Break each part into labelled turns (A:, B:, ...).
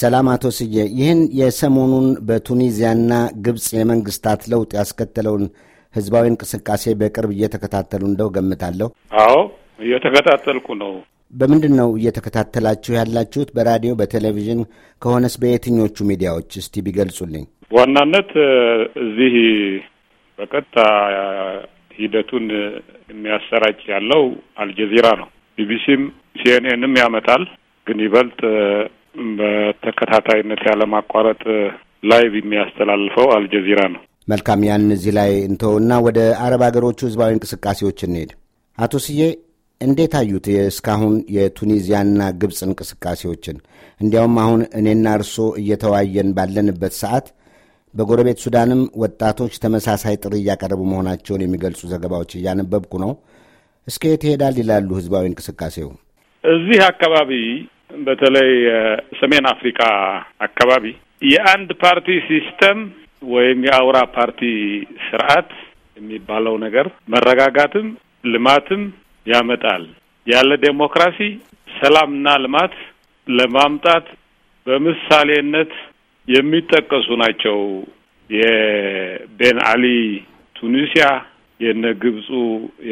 A: ሰላም አቶ ስዬ፣ ይህን የሰሞኑን በቱኒዚያና ግብፅ የመንግስታት ለውጥ ያስከተለውን ህዝባዊ እንቅስቃሴ በቅርብ እየተከታተሉ እንደው ገምታለሁ።
B: አዎ እየተከታተልኩ ነው።
A: በምንድን ነው እየተከታተላችሁ ያላችሁት? በራዲዮ፣ በቴሌቪዥን ከሆነስ በየትኞቹ ሚዲያዎች? እስቲ ቢገልጹልኝ።
B: በዋናነት እዚህ በቀጥታ ሂደቱን የሚያሰራጭ ያለው አልጀዚራ ነው። ቢቢሲም ሲኤንኤንም ያመጣል፣ ግን ይበልጥ በተከታታይነት ያለማቋረጥ ላይቭ የሚያስተላልፈው አልጀዚራ ነው።
A: መልካም ያን እዚህ ላይ እንተውና ወደ አረብ ሀገሮቹ ህዝባዊ እንቅስቃሴዎች እንሄድ። አቶ ስዬ እንዴት አዩት እስካሁን የቱኒዚያና ግብፅ እንቅስቃሴዎችን? እንዲያውም አሁን እኔና እርሶ እየተወያየን ባለንበት ሰዓት በጎረቤት ሱዳንም ወጣቶች ተመሳሳይ ጥሪ እያቀረቡ መሆናቸውን የሚገልጹ ዘገባዎች እያነበብኩ ነው። እስከ የት ይሄዳል ይላሉ ህዝባዊ እንቅስቃሴው?
B: እዚህ አካባቢ በተለይ የሰሜን አፍሪካ አካባቢ የአንድ ፓርቲ ሲስተም ወይም የአውራ ፓርቲ ስርዓት የሚባለው ነገር መረጋጋትም ልማትም ያመጣል። ያለ ዴሞክራሲ ሰላምና ልማት ለማምጣት በምሳሌነት የሚጠቀሱ ናቸው። የቤን አሊ ቱኒሲያ፣ የነ ግብፁ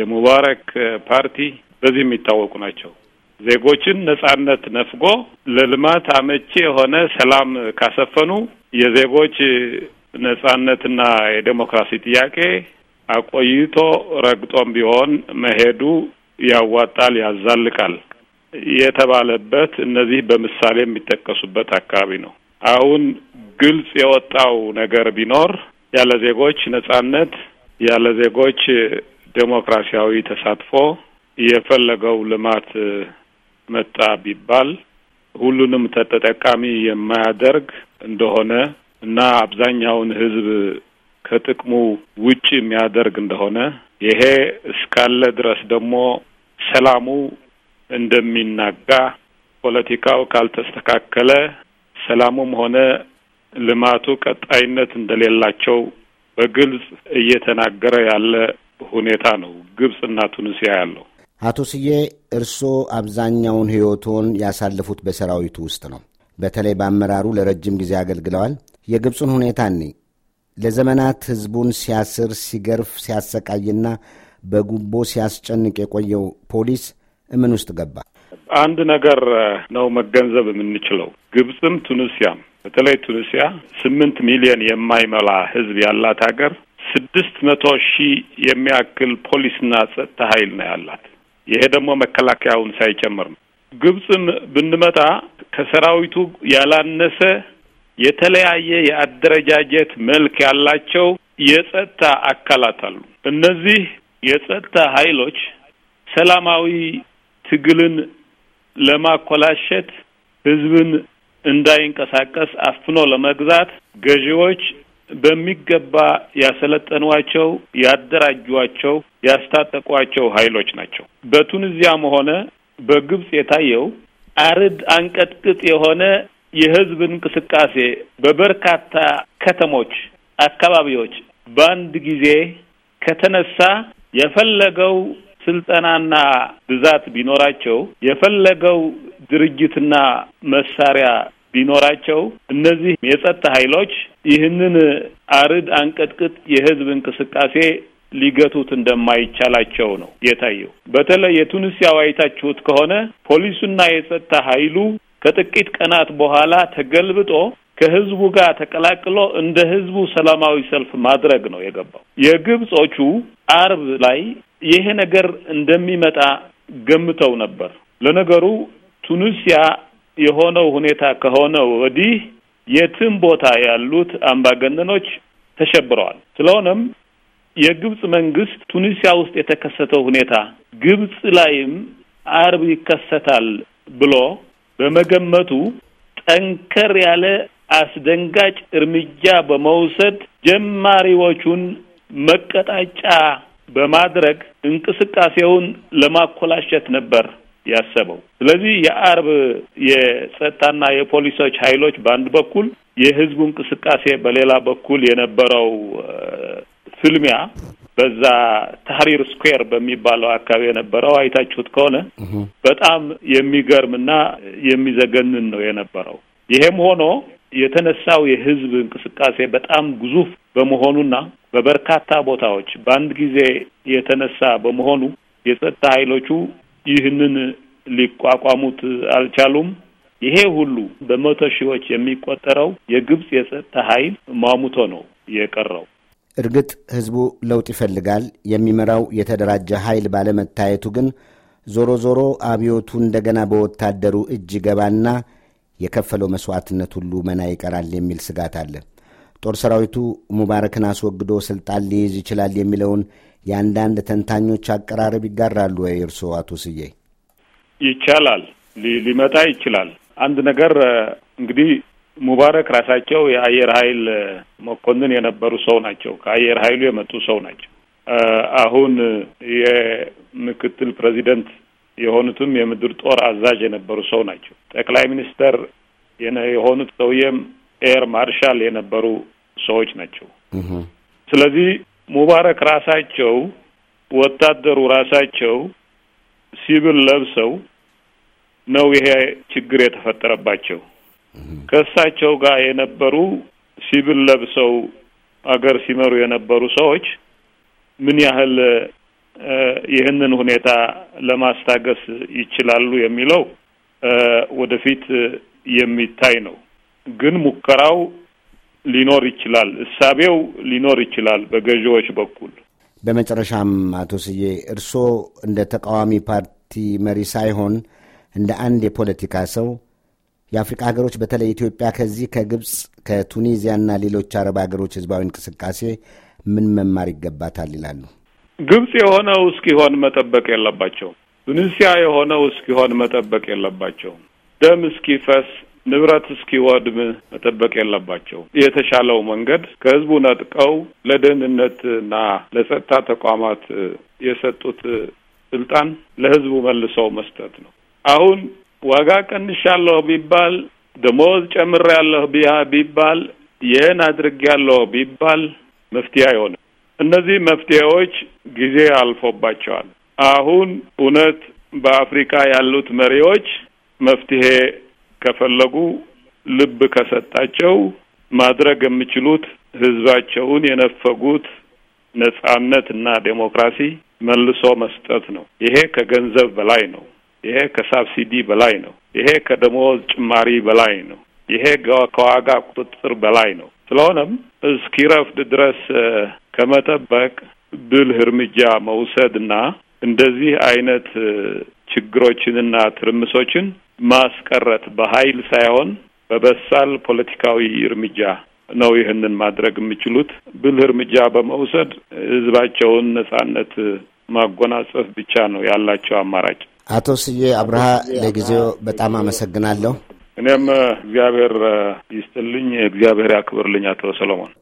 B: የሙባረክ ፓርቲ በዚህ የሚታወቁ ናቸው። ዜጎችን ነጻነት ነፍጎ ለልማት አመቺ የሆነ ሰላም ካሰፈኑ የዜጎች ነጻነትና የዴሞክራሲ ጥያቄ አቆይቶ ረግጦም ቢሆን መሄዱ ያዋጣል፣ ያዛልቃል የተባለበት እነዚህ በምሳሌ የሚጠቀሱበት አካባቢ ነው። አሁን ግልጽ የወጣው ነገር ቢኖር ያለ ዜጎች ነጻነት ያለ ዜጎች ዴሞክራሲያዊ ተሳትፎ የፈለገው ልማት መጣ ቢባል ሁሉንም ተጠቃሚ የማያደርግ እንደሆነ እና አብዛኛውን ህዝብ ከጥቅሙ ውጭ የሚያደርግ እንደሆነ ይሄ እስካለ ድረስ ደግሞ ሰላሙ እንደሚናጋ ፖለቲካው ካልተስተካከለ ሰላሙም ሆነ ልማቱ ቀጣይነት እንደሌላቸው በግልጽ እየተናገረ ያለ ሁኔታ ነው ግብጽና ቱኒሲያ ያለው።
A: አቶ ስዬ እርስዎ አብዛኛውን ሕይወቶን ያሳለፉት በሰራዊቱ ውስጥ ነው። በተለይ በአመራሩ ለረጅም ጊዜ አገልግለዋል። የግብፁን ሁኔታ እኔ ለዘመናት ሕዝቡን ሲያስር፣ ሲገርፍ፣ ሲያሰቃይና በጉቦ ሲያስጨንቅ የቆየው ፖሊስ እምን ውስጥ ገባ?
B: አንድ ነገር ነው መገንዘብ የምንችለው ግብፅም ቱኒስያም በተለይ ቱኒስያ ስምንት ሚሊዮን የማይመላ ህዝብ ያላት ሀገር ስድስት መቶ ሺህ የሚያክል ፖሊስና ጸጥታ ኃይል ነው ያላት። ይሄ ደግሞ መከላከያውን ሳይጨምር ነው። ግብፅን ብንመጣ ከሰራዊቱ ያላነሰ የተለያየ የአደረጃጀት መልክ ያላቸው የጸጥታ አካላት አሉ። እነዚህ የጸጥታ ኃይሎች ሰላማዊ ትግልን ለማኮላሸት ህዝብን እንዳይንቀሳቀስ አፍኖ ለመግዛት ገዢዎች በሚገባ ያሰለጠኗቸው፣ ያደራጇቸው፣ ያስታጠቋቸው ኃይሎች ናቸው። በቱኒዚያም ሆነ በግብጽ የታየው አርድ አንቀጥቅጥ የሆነ የህዝብ እንቅስቃሴ በበርካታ ከተሞች፣ አካባቢዎች በአንድ ጊዜ ከተነሳ የፈለገው ስልጠናና ብዛት ቢኖራቸው የፈለገው ድርጅትና መሳሪያ ቢኖራቸው እነዚህ የጸጥታ ኃይሎች ይህንን አርድ አንቀጥቅጥ የህዝብ እንቅስቃሴ ሊገቱት እንደማይቻላቸው ነው የታየው። በተለይ የቱኒስያው አይታችሁት ከሆነ ፖሊሱና የጸጥታ ኃይሉ ከጥቂት ቀናት በኋላ ተገልብጦ ከህዝቡ ጋር ተቀላቅሎ እንደ ህዝቡ ሰላማዊ ሰልፍ ማድረግ ነው የገባው። የግብጾቹ አርብ ላይ ይሄ ነገር እንደሚመጣ ገምተው ነበር። ለነገሩ ቱኒስያ የሆነው ሁኔታ ከሆነ ወዲህ የትም ቦታ ያሉት አምባገነኖች ተሸብረዋል። ስለሆነም የግብጽ መንግስት ቱኒሲያ ውስጥ የተከሰተው ሁኔታ ግብጽ ላይም አርብ ይከሰታል ብሎ በመገመቱ ጠንከር ያለ አስደንጋጭ እርምጃ በመውሰድ ጀማሪዎቹን መቀጣጫ በማድረግ እንቅስቃሴውን ለማኮላሸት ነበር ያሰበው። ስለዚህ የአርብ የጸጥታና የፖሊሶች ኃይሎች በአንድ በኩል የህዝቡ እንቅስቃሴ በሌላ በኩል የነበረው ፍልሚያ በዛ ታህሪር ስኩዌር በሚባለው አካባቢ የነበረው አይታችሁት ከሆነ በጣም የሚገርምና የሚዘገንን ነው የነበረው። ይሄም ሆኖ የተነሳው የህዝብ እንቅስቃሴ በጣም ግዙፍ በመሆኑና በበርካታ ቦታዎች በአንድ ጊዜ የተነሳ በመሆኑ የጸጥታ ኃይሎቹ ይህንን ሊቋቋሙት አልቻሉም። ይሄ ሁሉ በመቶ ሺዎች የሚቆጠረው የግብፅ የጸጥታ ኃይል ማሙቶ ነው የቀረው።
A: እርግጥ ህዝቡ ለውጥ ይፈልጋል። የሚመራው የተደራጀ ኃይል ባለመታየቱ ግን ዞሮ ዞሮ አብዮቱ እንደገና በወታደሩ እጅ ገባና የከፈለው መስዋዕትነት ሁሉ መና ይቀራል የሚል ስጋት አለ። ጦር ሰራዊቱ ሙባረክን አስወግዶ ስልጣን ሊይዝ ይችላል የሚለውን የአንዳንድ ተንታኞች አቀራረብ ይጋራሉ ወይ እርስዎ አቶ ስዬ?
B: ይቻላል፣ ሊመጣ ይችላል። አንድ ነገር እንግዲህ ሙባረክ ራሳቸው የአየር ኃይል መኮንን የነበሩ ሰው ናቸው። ከአየር ኃይሉ የመጡ ሰው ናቸው። አሁን የምክትል ፕሬዚደንት የሆኑትም የምድር ጦር አዛዥ የነበሩ ሰው ናቸው። ጠቅላይ ሚኒስተር የሆኑት ሰውዬም ኤር ማርሻል የነበሩ ሰዎች ናቸው። ስለዚህ ሙባረክ ራሳቸው ወታደሩ ራሳቸው ሲቪል ለብሰው ነው ይሄ ችግር የተፈጠረባቸው። ከእሳቸው ጋር የነበሩ ሲቪል ለብሰው አገር ሲመሩ የነበሩ ሰዎች ምን ያህል ይህንን ሁኔታ ለማስታገስ ይችላሉ የሚለው ወደፊት የሚታይ ነው። ግን ሙከራው ሊኖር ይችላል፣ እሳቤው ሊኖር ይችላል በገዢዎች በኩል።
A: በመጨረሻም አቶ ስዬ እርስዎ እንደ ተቃዋሚ ፓርቲ መሪ ሳይሆን እንደ አንድ የፖለቲካ ሰው የአፍሪካ ሀገሮች በተለይ ኢትዮጵያ ከዚህ ከግብፅ ከቱኒዚያና ሌሎች አረብ ሀገሮች ህዝባዊ እንቅስቃሴ ምን መማር ይገባታል ይላሉ?
B: ግብፅ የሆነው እስኪሆን መጠበቅ የለባቸውም። ቱኒዚያ የሆነው እስኪሆን መጠበቅ የለባቸውም። ደም እስኪፈስ ንብረት እስኪወድም መጠበቅ የለባቸው። የተሻለው መንገድ ከህዝቡ ነጥቀው ለደህንነትና ለጸጥታ ተቋማት የሰጡት ስልጣን ለህዝቡ መልሰው መስጠት ነው። አሁን ዋጋ ቀንሻለሁ ቢባል፣ ደሞዝ ጨምሬያለሁ ቢያ ቢባል፣ ይህን አድርጌያለሁ ቢባል መፍትሄ አይሆንም። እነዚህ መፍትሄዎች ጊዜ አልፎባቸዋል። አሁን እውነት በአፍሪካ ያሉት መሪዎች መፍትሄ ከፈለጉ ልብ ከሰጣቸው ማድረግ የሚችሉት ህዝባቸውን የነፈጉት ነጻነት እና ዴሞክራሲ መልሶ መስጠት ነው። ይሄ ከገንዘብ በላይ ነው። ይሄ ከሳብሲዲ በላይ ነው። ይሄ ከደሞዝ ጭማሪ በላይ ነው። ይሄ ከዋጋ ቁጥጥር በላይ ነው። ስለሆነም እስኪረፍድ ድረስ ከመጠበቅ ብልህ እርምጃ መውሰድ እና እንደዚህ አይነት ችግሮችንና ትርምሶችን ማስቀረት በኃይል ሳይሆን በበሳል ፖለቲካዊ እርምጃ ነው ይህንን ማድረግ የሚችሉት። ብልህ እርምጃ በመውሰድ ህዝባቸውን ነጻነት ማጎናጸፍ ብቻ ነው ያላቸው አማራጭ።
A: አቶ ስዬ አብርሃ ለጊዜው በጣም አመሰግናለሁ።
B: እኔም እግዚአብሔር ይስጥልኝ፣ እግዚአብሔር ያክብርልኝ አቶ ሰሎሞን።